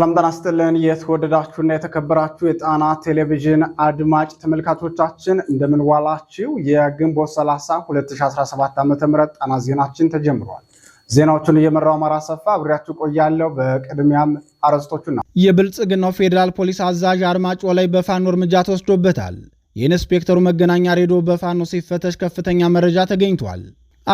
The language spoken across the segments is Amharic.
ሰላም ጤና ይስጥልን። የተወደዳችሁና የተከበራችሁ የጣና ቴሌቪዥን አድማጭ ተመልካቾቻችን እንደምንዋላችሁ። የግንቦት 30 2017 ዓ.ም ጣና ዜናችን ተጀምሯል። ዜናዎቹን እየመራው አማራ ሰፋ አብሬያችሁ ቆያለሁ። በቅድሚያም አርዕስቶቹ ነው። የብልጽግናው ፌዴራል ፖሊስ አዛዥ አርማጮ ላይ በፋኖ እርምጃ ተወስዶበታል። የኢንስፔክተሩ መገናኛ ሬዲዮ በፋኖ ሲፈተሽ ከፍተኛ መረጃ ተገኝቷል።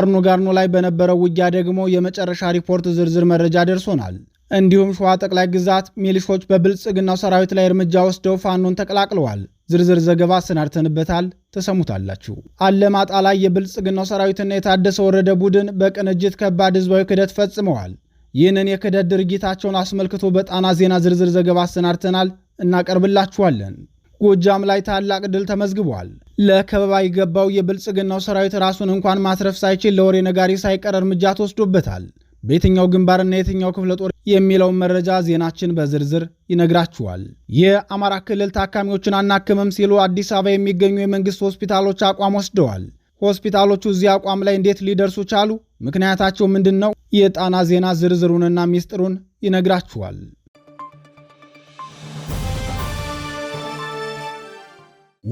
አርኖ ጋርኖ ላይ በነበረው ውጊያ ደግሞ የመጨረሻ ሪፖርት ዝርዝር መረጃ ደርሶናል። እንዲሁም ሸዋ ጠቅላይ ግዛት ሚሊሾች በብልጽግናው ሰራዊት ላይ እርምጃ ወስደው ፋኖን ተቀላቅለዋል። ዝርዝር ዘገባ አሰናድተንበታል፣ ተሰሙታላችሁ። አለማጣ ላይ የብልጽግናው ሰራዊትና የታደሰ ወረደ ቡድን በቅንጅት ከባድ ህዝባዊ ክህደት ፈጽመዋል። ይህንን የክደት ድርጊታቸውን አስመልክቶ በጣና ዜና ዝርዝር ዘገባ አሰናድተናል፣ እናቀርብላችኋለን። ጎጃም ላይ ታላቅ ድል ተመዝግቧል። ለከበባ የገባው የብልጽግናው ሰራዊት ራሱን እንኳን ማትረፍ ሳይችል ለወሬ ነጋሪ ሳይቀር እርምጃ ተወስዶበታል። በየትኛው ግንባርና የትኛው ክፍለ ጦር የሚለውን መረጃ ዜናችን በዝርዝር ይነግራችኋል። የአማራ ክልል ታካሚዎችን አናክምም ሲሉ አዲስ አበባ የሚገኙ የመንግስት ሆስፒታሎች አቋም ወስደዋል። ሆስፒታሎቹ እዚህ አቋም ላይ እንዴት ሊደርሱ ቻሉ? ምክንያታቸው ምንድን ነው? የጣና ዜና ዝርዝሩንና ሚስጥሩን ይነግራችኋል።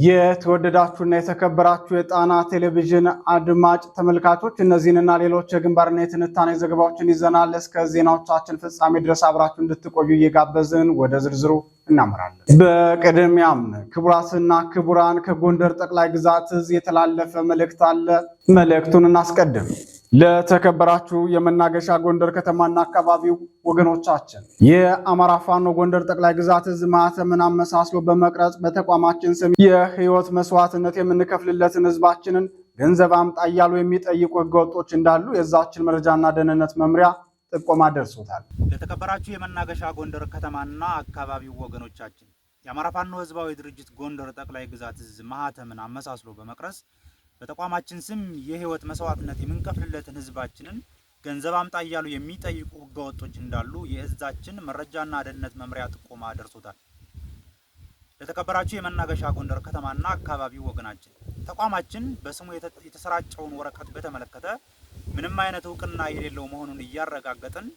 የተወደዳችሁና የተከበራችሁ የጣና ቴሌቪዥን አድማጭ ተመልካቾች እነዚህንና ሌሎች የግንባርና የትንታኔ ዘገባዎችን ይዘናል። እስከ ዜናዎቻችን ፍጻሜ ድረስ አብራችሁ እንድትቆዩ እየጋበዝን ወደ ዝርዝሩ እናመራለን። በቅድሚያም ክቡራትና ክቡራን ከጎንደር ጠቅላይ ግዛት እዝ የተላለፈ መልእክት አለ። መልእክቱን እናስቀድም። ለተከበራችሁ የመናገሻ ጎንደር ከተማና አካባቢው ወገኖቻችን የአማራ ፋኖ ጎንደር ጠቅላይ ግዛት እዝ ማህተምን አመሳስሎ በመቅረጽ በተቋማችን ስም የህይወት መስዋዕትነት የምንከፍልለትን ህዝባችንን ገንዘብ አምጣ እያሉ የሚጠይቁ ህገወጦች እንዳሉ የዛችን መረጃና ደህንነት መምሪያ ጥቆማ ደርሶታል። ለተከበራችሁ የመናገሻ ጎንደር ከተማና አካባቢው ወገኖቻችን የአማራ ፋኖ ህዝባዊ ድርጅት ጎንደር ጠቅላይ ግዛት እዝ ማህተምን አመሳስሎ በመቅረጽ በተቋማችን ስም የህይወት መስዋዕትነት የምንከፍልለትን ህዝባችንን ገንዘብ አምጣ እያሉ የሚጠይቁ ህገወጦች እንዳሉ የእዛችን መረጃና ደህንነት መምሪያ ጥቆማ ደርሶታል። ለተከበራችሁ የመናገሻ ጎንደር ከተማና አካባቢው ወገናችን ተቋማችን በስሙ የተሰራጨውን ወረቀት በተመለከተ ምንም አይነት እውቅና የሌለው መሆኑን እያረጋገጥን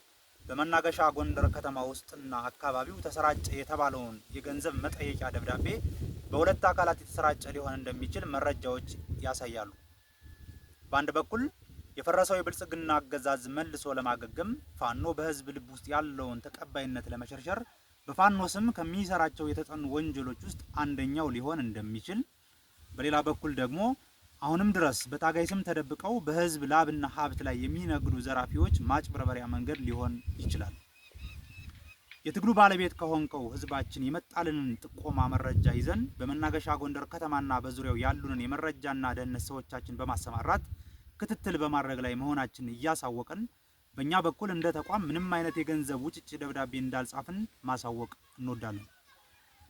በመናገሻ ጎንደር ከተማ ውስጥና አካባቢው ተሰራጨ የተባለውን የገንዘብ መጠየቂያ ደብዳቤ በሁለት አካላት የተሰራጨ ሊሆን እንደሚችል መረጃዎች ያሳያሉ። በአንድ በኩል የፈረሰው የብልጽግና አገዛዝ መልሶ ለማገገም ፋኖ በህዝብ ልብ ውስጥ ያለውን ተቀባይነት ለመሸርሸር በፋኖ ስም ከሚሰራቸው የተጠኑ ወንጀሎች ውስጥ አንደኛው ሊሆን እንደሚችል፣ በሌላ በኩል ደግሞ አሁንም ድረስ በታጋይ ስም ተደብቀው በህዝብ ላብና ሀብት ላይ የሚነግዱ ዘራፊዎች ማጭበርበሪያ መንገድ ሊሆን ይችላል። የትግሉ ባለቤት ከሆንከው ህዝባችን የመጣልንን ጥቆማ መረጃ ይዘን በመናገሻ ጎንደር ከተማና በዙሪያው ያሉንን የመረጃና ደህንነት ሰዎቻችን በማሰማራት ክትትል በማድረግ ላይ መሆናችን እያሳወቅን በእኛ በኩል እንደ ተቋም ምንም አይነት የገንዘብ ውጭጭ ደብዳቤ እንዳልጻፍን ማሳወቅ እንወዳለን።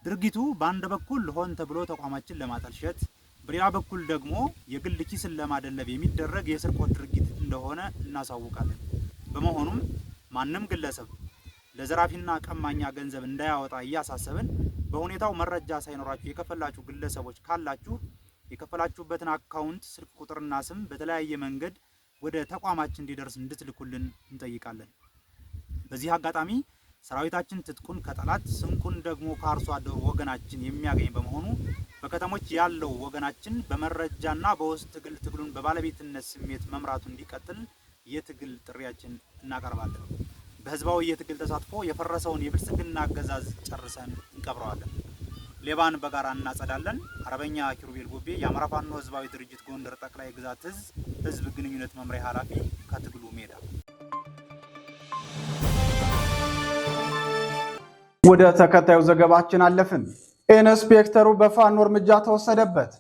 ድርጊቱ በአንድ በኩል ሆን ተብሎ ተቋማችን ለማጠልሸት፣ በሌላ በኩል ደግሞ የግል ኪስን ለማደለብ የሚደረግ የስርቆት ድርጊት እንደሆነ እናሳውቃለን። በመሆኑም ማንም ግለሰብ ለዘራፊና ቀማኛ ገንዘብ እንዳያወጣ እያሳሰብን በሁኔታው መረጃ ሳይኖራችሁ የከፈላችሁ ግለሰቦች ካላችሁ የከፈላችሁበትን አካውንት ስልክ ቁጥርና ስም በተለያየ መንገድ ወደ ተቋማችን እንዲደርስ እንድትልኩልን እንጠይቃለን። በዚህ አጋጣሚ ሰራዊታችን ትጥቁን ከጠላት ስንቁን ደግሞ ከአርሶ አደሩ ወገናችን የሚያገኝ በመሆኑ በከተሞች ያለው ወገናችን በመረጃና በውስጥ ትግል ትግሉን በባለቤትነት ስሜት መምራቱ እንዲቀጥል የትግል ጥሪያችን እናቀርባለን። በህዝባዊ የትግል ተሳትፎ የፈረሰውን የብልጽግና አገዛዝ ጨርሰን እንቀብረዋለን። ሌባን በጋራ እናጸዳለን። አርበኛ ኪሩቤል ጎቤ የአማራ ፋኖ ህዝባዊ ድርጅት ጎንደር ጠቅላይ ግዛት እዝ ህዝብ ግንኙነት መምሪያ ኃላፊ ከትግሉ ሜዳ ወደ ተከታዩ ዘገባችን አለፍን። ኢንስፔክተሩ በፋኖ እርምጃ ተወሰደበት።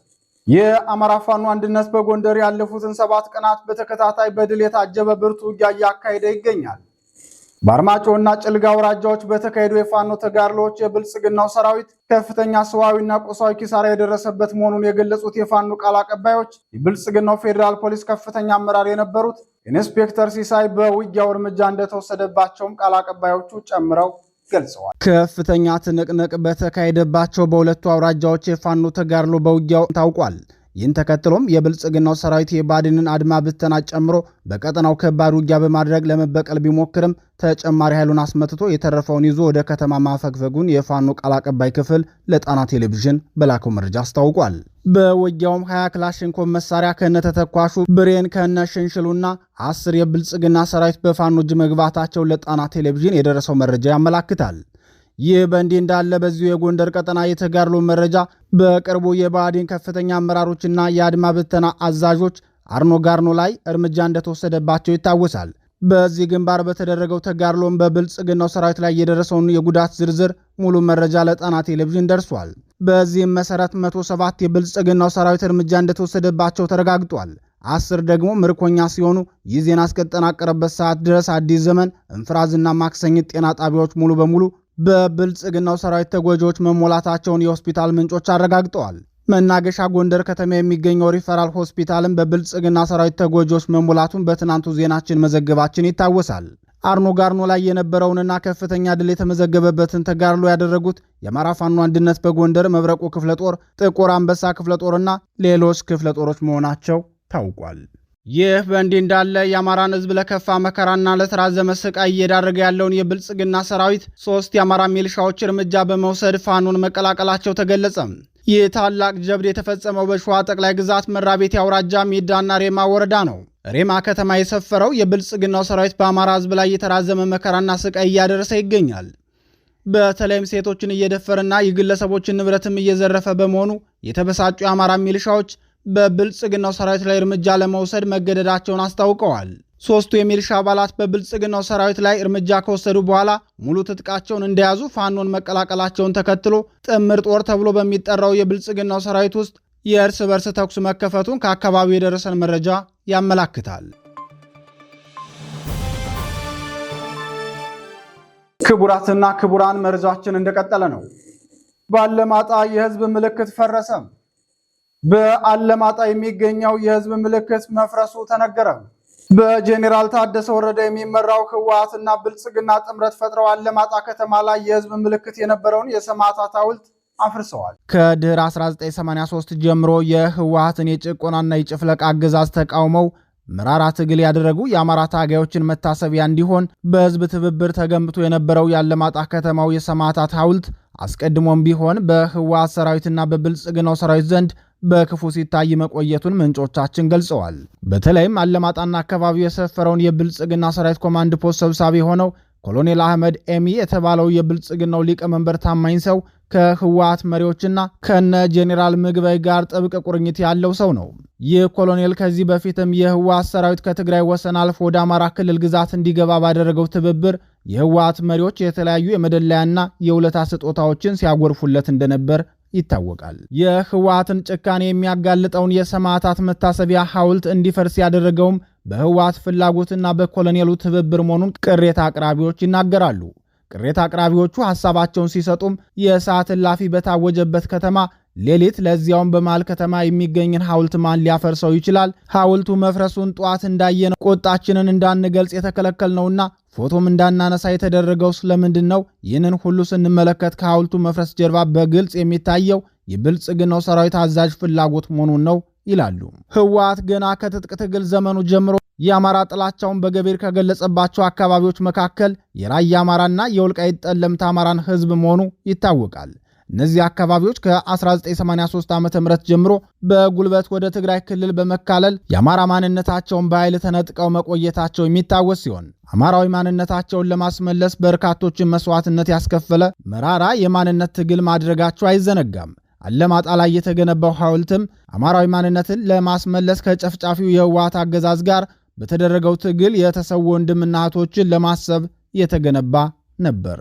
የአማራ ፋኖ አንድነት በጎንደር ያለፉትን ሰባት ቀናት በተከታታይ በድል የታጀበ ብርቱ ውጊያ እያካሄደ ይገኛል። በአርማጮና ጭልጋ አውራጃዎች በተካሄዱ የፋኖ ተጋድሎዎች የብልጽግናው ሰራዊት ከፍተኛ ሰዋዊና ቁሳዊ ኪሳራ የደረሰበት መሆኑን የገለጹት የፋኖ ቃል አቀባዮች የብልጽግናው ፌዴራል ፖሊስ ከፍተኛ አመራር የነበሩት ኢንስፔክተር ሲሳይ በውጊያው እርምጃ እንደተወሰደባቸውም ቃል አቀባዮቹ ጨምረው ገልጸዋል። ከፍተኛ ትንቅንቅ በተካሄደባቸው በሁለቱ አውራጃዎች የፋኖ ተጋድሎ በውጊያው ታውቋል። ይህን ተከትሎም የብልጽግናው ሰራዊት የባድንን አድማ ብተና ጨምሮ በቀጠናው ከባድ ውጊያ በማድረግ ለመበቀል ቢሞክርም ተጨማሪ ኃይሉን አስመትቶ የተረፈውን ይዞ ወደ ከተማ ማፈግፈጉን የፋኖ ቃል አቀባይ ክፍል ለጣና ቴሌቪዥን በላከው መረጃ አስታውቋል። በውጊያውም ሀያ ክላሽንኮቭ መሳሪያ ከነ ተተኳሹ ብሬን ከነ ሽንሽሉና አስር የብልጽግና ሰራዊት በፋኖ እጅ መግባታቸው ለጣና ቴሌቪዥን የደረሰው መረጃ ያመላክታል። ይህ በእንዲህ እንዳለ በዚሁ የጎንደር ቀጠና የተጋድሎ መረጃ በቅርቡ የብአዴን ከፍተኛ አመራሮችና የአድማ ብተና አዛዦች አርኖ ጋርኖ ላይ እርምጃ እንደተወሰደባቸው ይታወሳል። በዚህ ግንባር በተደረገው ተጋድሎም በብልጽግናው ሰራዊት ላይ የደረሰውን የጉዳት ዝርዝር ሙሉ መረጃ ለጣና ቴሌቪዥን ደርሷል። በዚህም መሰረት 107 የብልጽግናው ሰራዊት እርምጃ እንደተወሰደባቸው ተረጋግጧል። አስር ደግሞ ምርኮኛ ሲሆኑ ይህ ዜና እስከተጠናቀረበት ሰዓት ድረስ አዲስ ዘመን፣ እንፍራዝና ማክሰኝት ጤና ጣቢያዎች ሙሉ በሙሉ በብልጽግናው ሰራዊት ተጎጂዎች መሞላታቸውን የሆስፒታል ምንጮች አረጋግጠዋል። መናገሻ ጎንደር ከተማ የሚገኘው ሪፈራል ሆስፒታልን በብልጽግና ሰራዊት ተጎጂዎች መሞላቱን በትናንቱ ዜናችን መዘገባችን ይታወሳል። አርኖ ጋርኖ ላይ የነበረውንና ከፍተኛ ድል የተመዘገበበትን ተጋድሎ ያደረጉት የአማራ ፋኖ አንድነት በጎንደር መብረቁ ክፍለ ጦር፣ ጥቁር አንበሳ ክፍለ ጦርና ሌሎች ክፍለ ጦሮች መሆናቸው ታውቋል። ይህ በእንዲህ እንዳለ የአማራን ህዝብ ለከፋ መከራና ለተራዘመ ስቃይ እየዳረገ ያለውን የብልጽግና ሰራዊት ሶስት የአማራ ሚልሻዎች እርምጃ በመውሰድ ፋኖን መቀላቀላቸው ተገለጸ። ይህ ታላቅ ጀብድ የተፈጸመው በሸዋ ጠቅላይ ግዛት መራቤቴ አውራጃ ሜዳና ሬማ ወረዳ ነው። ሬማ ከተማ የሰፈረው የብልጽግናው ሰራዊት በአማራ ህዝብ ላይ የተራዘመ መከራና ስቃይ እያደረሰ ይገኛል። በተለይም ሴቶችን እየደፈረና የግለሰቦችን ንብረትም እየዘረፈ በመሆኑ የተበሳጩ የአማራ ሚልሻዎች በብልጽግናው ሰራዊት ላይ እርምጃ ለመውሰድ መገደዳቸውን አስታውቀዋል። ሶስቱ የሚልሻ አባላት በብልጽግናው ሰራዊት ላይ እርምጃ ከወሰዱ በኋላ ሙሉ ትጥቃቸውን እንደያዙ ፋኖን መቀላቀላቸውን ተከትሎ ጥምር ጦር ተብሎ በሚጠራው የብልጽግናው ሰራዊት ውስጥ የእርስ በርስ ተኩስ መከፈቱን ከአካባቢው የደረሰን መረጃ ያመላክታል። ክቡራትና ክቡራን መረጃችን እንደቀጠለ ነው። ባለማጣ የህዝብ ምልክት ፈረሰም። በአለማጣ የሚገኘው የህዝብ ምልክት መፍረሱ ተነገረ። በጄኔራል ታደሰ ወረደ የሚመራው ህወሓትና ብልጽግና ጥምረት ፈጥረው አለማጣ ከተማ ላይ የህዝብ ምልክት የነበረውን የሰማዕታት ሐውልት አፍርሰዋል። ከድህር 1983 ጀምሮ የህወሓትን የጭቆናና የጭፍለቅ አገዛዝ ተቃውመው ምራራ ትግል ያደረጉ የአማራ ታጋዮችን መታሰቢያ እንዲሆን በህዝብ ትብብር ተገንብቶ የነበረው የአለማጣ ከተማው የሰማዕታት ሐውልት አስቀድሞም ቢሆን በህወሓት ሰራዊትና በብልጽግናው ሰራዊት ዘንድ በክፉ ሲታይ መቆየቱን ምንጮቻችን ገልጸዋል። በተለይም አለማጣና አካባቢው የሰፈረውን የብልጽግና ሰራዊት ኮማንድ ፖስት ሰብሳቢ የሆነው ኮሎኔል አህመድ ኤሚ የተባለው የብልጽግናው ሊቀመንበር ታማኝ ሰው ከህወሓት መሪዎችና ከነ ጄኔራል ምግበይ ጋር ጥብቅ ቁርኝት ያለው ሰው ነው። ይህ ኮሎኔል ከዚህ በፊትም የህወሓት ሰራዊት ከትግራይ ወሰን አልፎ ወደ አማራ ክልል ግዛት እንዲገባ ባደረገው ትብብር የህወሓት መሪዎች የተለያዩ የመደለያና የውለታ ስጦታዎችን ሲያጎርፉለት እንደነበር ይታወቃል። የህወሓትን ጭካኔ የሚያጋልጠውን የሰማዕታት መታሰቢያ ሐውልት እንዲፈርስ ያደረገውም በህወሓት ፍላጎትና በኮሎኔሉ ትብብር መሆኑን ቅሬታ አቅራቢዎች ይናገራሉ። ቅሬታ አቅራቢዎቹ ሐሳባቸውን ሲሰጡም የሰዓት እላፊ በታወጀበት ከተማ ሌሊት ለዚያውም በመሃል ከተማ የሚገኝን ሐውልት ማን ሊያፈርሰው ይችላል? ሐውልቱ መፍረሱን ጠዋት እንዳየነው ቁጣችንን እንዳንገልጽ የተከለከልነውና ፎቶም እንዳናነሳ የተደረገው ስለምንድን ነው? ይህንን ሁሉ ስንመለከት ከሐውልቱ መፍረስ ጀርባ በግልጽ የሚታየው የብልጽግናው ሰራዊት አዛዥ ፍላጎት መሆኑን ነው ይላሉ። ህወሓት ገና ከትጥቅ ትግል ዘመኑ ጀምሮ የአማራ ጥላቻውን በገቢር ከገለጸባቸው አካባቢዎች መካከል የራያ አማራና የወልቃይት ጠለምት አማራን ህዝብ መሆኑ ይታወቃል። እነዚህ አካባቢዎች ከ1983 ዓ ም ጀምሮ በጉልበት ወደ ትግራይ ክልል በመካለል የአማራ ማንነታቸውን በኃይል ተነጥቀው መቆየታቸው የሚታወስ ሲሆን አማራዊ ማንነታቸውን ለማስመለስ በርካቶችን መስዋዕትነት ያስከፈለ መራራ የማንነት ትግል ማድረጋቸው አይዘነጋም። አለማጣ ላይ የተገነባው ሐውልትም አማራዊ ማንነትን ለማስመለስ ከጨፍጫፊው የህወሓት አገዛዝ ጋር በተደረገው ትግል የተሰዉ ወንድምና እህቶችን ለማሰብ የተገነባ ነበር።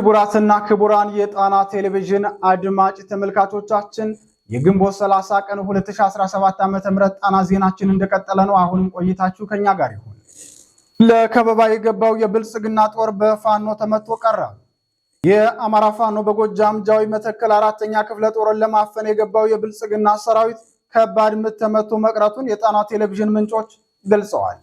ክቡራትና ክቡራን የጣና ቴሌቪዥን አድማጭ ተመልካቾቻችን የግንቦት 30 ቀን 2017 ዓ.ም ጣና ዜናችን እንደቀጠለ ነው። አሁንም ቆይታችሁ ከኛ ጋር ይሁን። ለከበባ የገባው የብልጽግና ጦር በፋኖ ተመቶ ቀረ። የአማራ ፋኖ በጎጃም ጃዊ መተከል አራተኛ ክፍለ ጦርን ለማፈን የገባው የብልጽግና ሰራዊት ከባድ ምት ተመቶ መቅረቱን የጣና ቴሌቪዥን ምንጮች ገልጸዋል።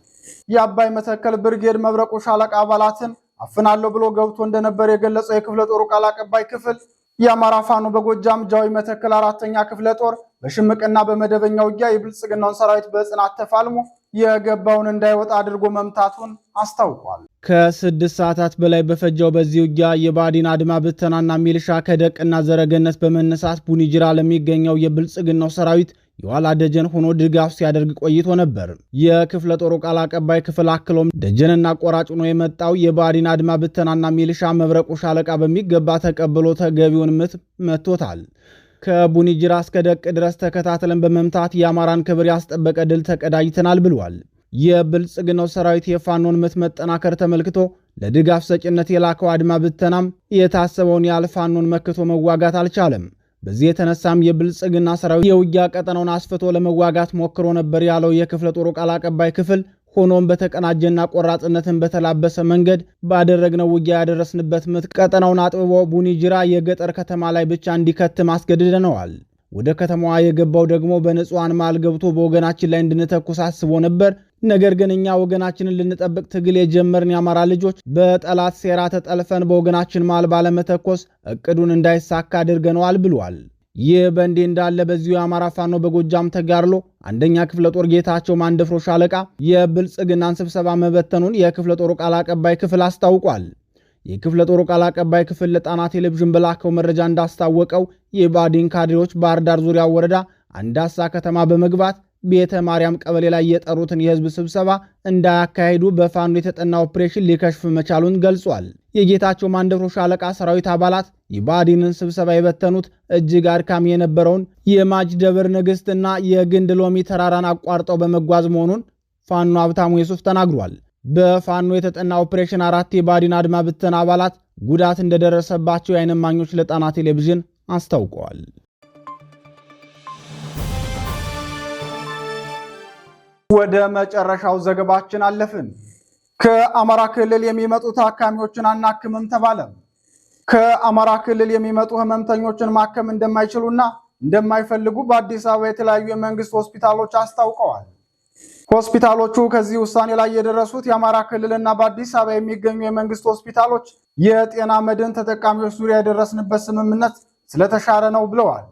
የአባይ መተከል ብርጌድ መብረቁ ሻለቃ አባላትን አፍናለሁ ብሎ ገብቶ እንደነበር የገለጸው የክፍለ ጦሩ ቃል አቀባይ ክፍል የአማራ ፋኖ በጎጃም ጃዊ መተከል አራተኛ ክፍለ ጦር በሽምቅና በመደበኛ ውጊያ የብልጽግናውን ሰራዊት በጽናት ተፋልሞ የገባውን እንዳይወጣ አድርጎ መምታቱን አስታውቋል። ከስድስት ሰዓታት በላይ በፈጃው በዚህ ውጊያ የባዲን አድማ ብተናና ሚልሻ ከደቅና ዘረገነት በመነሳት ቡኒጅራ ለሚገኘው የብልጽግናው ሰራዊት የኋላ ደጀን ሆኖ ድጋፍ ሲያደርግ ቆይቶ ነበር። የክፍለ ጦሩ ቃል አቀባይ ክፍል አክሎም ደጀንና ቆራጭ ሆኖ የመጣው የባዲን አድማ ብተናና ሚልሻ መብረቁ ሻለቃ በሚገባ ተቀብሎ ተገቢውን ምት መቶታል። ከቡኒ ጅራ እስከ ደቅ ድረስ ተከታትለን በመምታት የአማራን ክብር ያስጠበቀ ድል ተቀዳጅተናል ብሏል። የብልጽግናው ሰራዊት የፋኖን ምት መጠናከር ተመልክቶ ለድጋፍ ሰጭነት የላከው አድማ ብተናም የታሰበውን ያህል ፋኖን መክቶ መዋጋት አልቻለም። በዚህ የተነሳም የብልጽግና ሰራዊት የውጊያ ቀጠናውን አስፍቶ ለመዋጋት ሞክሮ ነበር ያለው የክፍለ ጦሩ ቃል አቀባይ ክፍል ሆኖም በተቀናጀና ቆራጥነትን በተላበሰ መንገድ ባደረግነው ውጊያ ያደረስንበት ምት ቀጠናውን አጥብቦ ቡኒጅራ የገጠር ከተማ ላይ ብቻ እንዲከትም አስገድደነዋል። ወደ ከተማዋ የገባው ደግሞ በንጹሐን መሃል ገብቶ በወገናችን ላይ እንድንተኩስ አስቦ ነበር። ነገር ግን እኛ ወገናችንን ልንጠብቅ ትግል የጀመርን የአማራ ልጆች በጠላት ሴራ ተጠልፈን በወገናችን መሃል ባለመተኮስ እቅዱን እንዳይሳካ አድርገነዋል ብሏል። ይህ በእንዲህ እንዳለ በዚሁ የአማራ ፋኖ በጎጃም ተጋድሎ አንደኛ ክፍለ ጦር ጌታቸው ማንደፍሮ ሻለቃ የብልጽግናን ስብሰባ መበተኑን የክፍለ ጦሩ ቃል አቀባይ ክፍል አስታውቋል። የክፍለ ጦሩ ቃል አቀባይ ክፍል ለጣና ቴሌቪዥን በላከው መረጃ እንዳስታወቀው የባዲን ካድሬዎች ባህር ዳር ዙሪያ ወረዳ አንዳሳ ከተማ በመግባት ቤተ ማርያም ቀበሌ ላይ የጠሩትን የህዝብ ስብሰባ እንዳያካሄዱ በፋኖ የተጠና ኦፕሬሽን ሊከሽፍ መቻሉን ገልጿል። የጌታቸው ማንደፍሮ ሻለቃ ሰራዊት አባላት የባዲንን ስብሰባ የበተኑት እጅግ አድካሚ የነበረውን የማጅደብር ደብር እና የግንድ ሎሚ ተራራን አቋርጠው በመጓዝ መሆኑን ፋኖ ሀብታሙ የሱፍ ተናግሯል። በፋኖ የተጠና ኦፕሬሽን አራት የባዲን አድማ ብተና አባላት ጉዳት እንደደረሰባቸው የአይን እማኞች ለጣና ቴሌቪዥን አስታውቀዋል። ወደ መጨረሻው ዘገባችን አለፍን። ከአማራ ክልል የሚመጡ ታካሚዎችን አናክምም ተባለ። ከአማራ ክልል የሚመጡ ህመምተኞችን ማከም እንደማይችሉና እንደማይፈልጉ በአዲስ አበባ የተለያዩ የመንግስት ሆስፒታሎች አስታውቀዋል። ሆስፒታሎቹ ከዚህ ውሳኔ ላይ የደረሱት የአማራ ክልልና በአዲስ አበባ የሚገኙ የመንግስት ሆስፒታሎች የጤና መድን ተጠቃሚዎች ዙሪያ የደረስንበት ስምምነት ስለተሻረ ነው ብለዋል።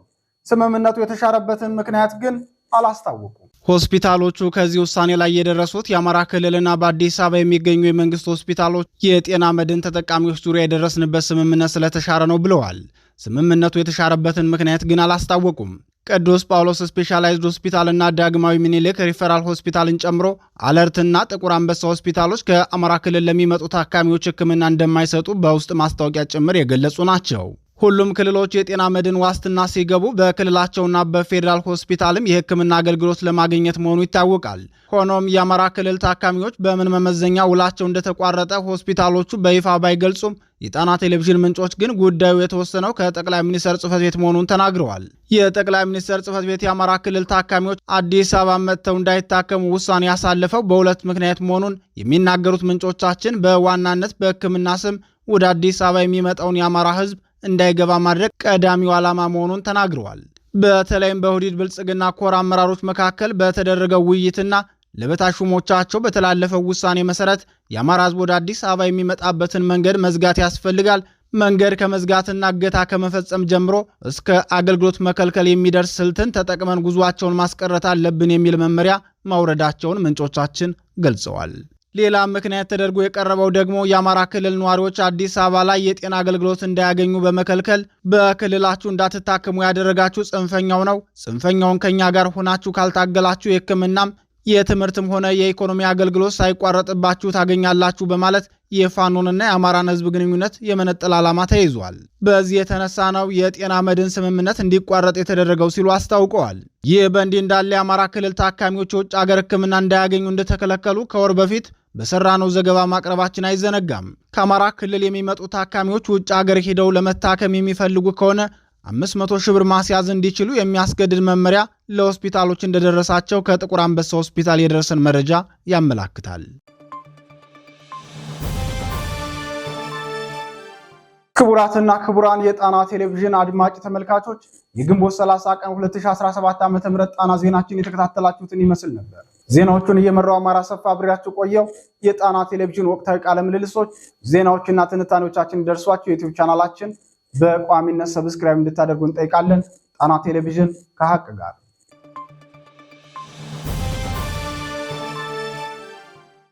ስምምነቱ የተሻረበትን ምክንያት ግን አላስታወቁም። ሆስፒታሎቹ ከዚህ ውሳኔ ላይ የደረሱት የአማራ ክልልና በአዲስ አበባ የሚገኙ የመንግስት ሆስፒታሎች የጤና መድን ተጠቃሚዎች ዙሪያ የደረስንበት ስምምነት ስለተሻረ ነው ብለዋል። ስምምነቱ የተሻረበትን ምክንያት ግን አላስታወቁም። ቅዱስ ጳውሎስ ስፔሻላይዝድ ሆስፒታልና ዳግማዊ ሚኒልክ ሪፈራል ሆስፒታልን ጨምሮ አለርትና ጥቁር አንበሳ ሆስፒታሎች ከአማራ ክልል ለሚመጡ ታካሚዎች ሕክምና እንደማይሰጡ በውስጥ ማስታወቂያ ጭምር የገለጹ ናቸው። ሁሉም ክልሎች የጤና መድን ዋስትና ሲገቡ በክልላቸውና በፌዴራል ሆስፒታልም የሕክምና አገልግሎት ለማግኘት መሆኑ ይታወቃል። ሆኖም የአማራ ክልል ታካሚዎች በምን መመዘኛ ውላቸው እንደተቋረጠ ሆስፒታሎቹ በይፋ ባይገልጹም የጣና ቴሌቪዥን ምንጮች ግን ጉዳዩ የተወሰነው ከጠቅላይ ሚኒስትር ጽህፈት ቤት መሆኑን ተናግረዋል። የጠቅላይ ሚኒስትር ጽህፈት ቤት የአማራ ክልል ታካሚዎች አዲስ አበባ መጥተው እንዳይታከሙ ውሳኔ ያሳለፈው በሁለት ምክንያት መሆኑን የሚናገሩት ምንጮቻችን በዋናነት በሕክምና ስም ወደ አዲስ አበባ የሚመጣውን የአማራ ህዝብ። እንዳይገባ ማድረግ ቀዳሚው ዓላማ መሆኑን ተናግረዋል። በተለይም በሁዲድ ብልጽግና ኮር አመራሮች መካከል በተደረገው ውይይትና ለበታሹሞቻቸው በተላለፈው ውሳኔ መሰረት የአማራ ህዝብ ወደ አዲስ አበባ የሚመጣበትን መንገድ መዝጋት ያስፈልጋል። መንገድ ከመዝጋትና እገታ ከመፈጸም ጀምሮ እስከ አገልግሎት መከልከል የሚደርስ ስልትን ተጠቅመን ጉዟቸውን ማስቀረት አለብን የሚል መመሪያ ማውረዳቸውን ምንጮቻችን ገልጸዋል። ሌላ ምክንያት ተደርጎ የቀረበው ደግሞ የአማራ ክልል ነዋሪዎች አዲስ አበባ ላይ የጤና አገልግሎት እንዳያገኙ በመከልከል በክልላችሁ እንዳትታከሙ ያደረጋችሁ ጽንፈኛው ነው። ጽንፈኛውን ከኛ ጋር ሆናችሁ ካልታገላችሁ የሕክምናም የትምህርትም ሆነ የኢኮኖሚ አገልግሎት ሳይቋረጥባችሁ ታገኛላችሁ በማለት የፋኖንና የአማራን ህዝብ ግንኙነት የመነጠል ዓላማ ተይዟል። በዚህ የተነሳ ነው የጤና መድን ስምምነት እንዲቋረጥ የተደረገው ሲሉ አስታውቀዋል። ይህ በእንዲህ እንዳለ የአማራ ክልል ታካሚዎች የውጭ አገር ሕክምና እንዳያገኙ እንደተከለከሉ ከወር በፊት በሰራነው ዘገባ ማቅረባችን አይዘነጋም። ከአማራ ክልል የሚመጡ ታካሚዎች ውጭ አገር ሄደው ለመታከም የሚፈልጉ ከሆነ 500 ሺህ ብር ማስያዝ እንዲችሉ የሚያስገድድ መመሪያ ለሆስፒታሎች እንደደረሳቸው ከጥቁር አንበሳ ሆስፒታል የደረሰን መረጃ ያመላክታል። ክቡራትና ክቡራን የጣና ቴሌቪዥን አድማጭ ተመልካቾች የግንቦት 30 ቀን 2017 ዓ.ም ጣና ዜናችን የተከታተላችሁትን ይመስል ነበር። ዜናዎቹን እየመራው አማራ ሰፋ አብሬያችሁ ቆየው። የጣና ቴሌቪዥን ወቅታዊ ቃለ ምልልሶች፣ ዜናዎችና ትንታኔዎቻችን ደርሷቸው የዩቲዩብ ቻናላችን በቋሚነት ሰብስክራይብ እንድታደርጉ እንጠይቃለን። ጣና ቴሌቪዥን ከሀቅ ጋር